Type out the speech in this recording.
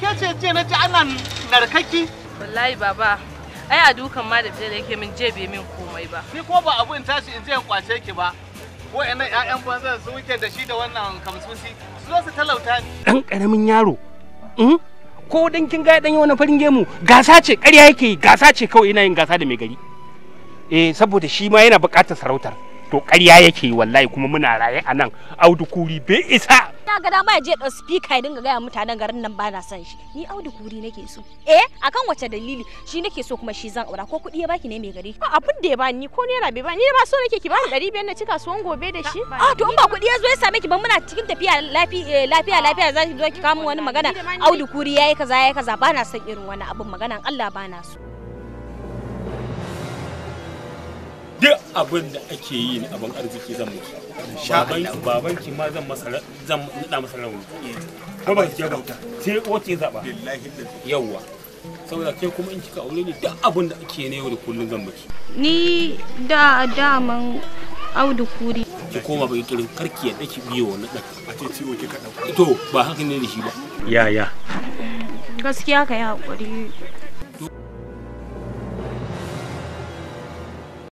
ke ce ce na ji ana narkaki wallahi baba ai a dukan ma da fere yake min je bai min komai ba ni ko ba abun in tashi in je in kwace ki ba ko ina ƴaƴan banzan su wuke da shi da wannan kamsusi su zo su talauta ni dan karamin yaro hmm? ko dan kin ga dan yi wannan farin gemu gasa ce ƙarya yake gasa ce kawai ina yin gasa da mai gari eh saboda shi ma yana buƙatar sarautar to ƙarya yake wallahi kuma muna raye a nan audu kuri be isa ta ga dama ya je ɗan speaker ya dinga gaya mutanen garin nan ba na son shi ni audu kuri nake so eh akan wace dalili shi nake so kuma shi zan aura ko kuɗi ya baki ne mai gari abin da ya bani ko naira bai bani ni ba so nake ki bani ɗari biyar na cika suwan gobe da shi a to in ba kuɗi ya zo ya same ki ban muna cikin tafiya lafiya lafiya za ki zo ki kama wani magana audu kuri ya yi kaza ya yi kaza ba na son irin wani abin magana Allah ba na so abin da ake yi ne abin arziki zan miki baban baban ki ma zan masa zan nada masa rauni ko ba ki ba sai ko wace zaba billahi yawa saboda kai kuma in kika aure ni duk abin da ake ne yau da kullun zan miki ni da daman audu kuri ki koma ba turin karki ya daki biyo na dan a ce ciwo kika dauka to ba haka ne da shi ba ya ya gaskiya kai hakuri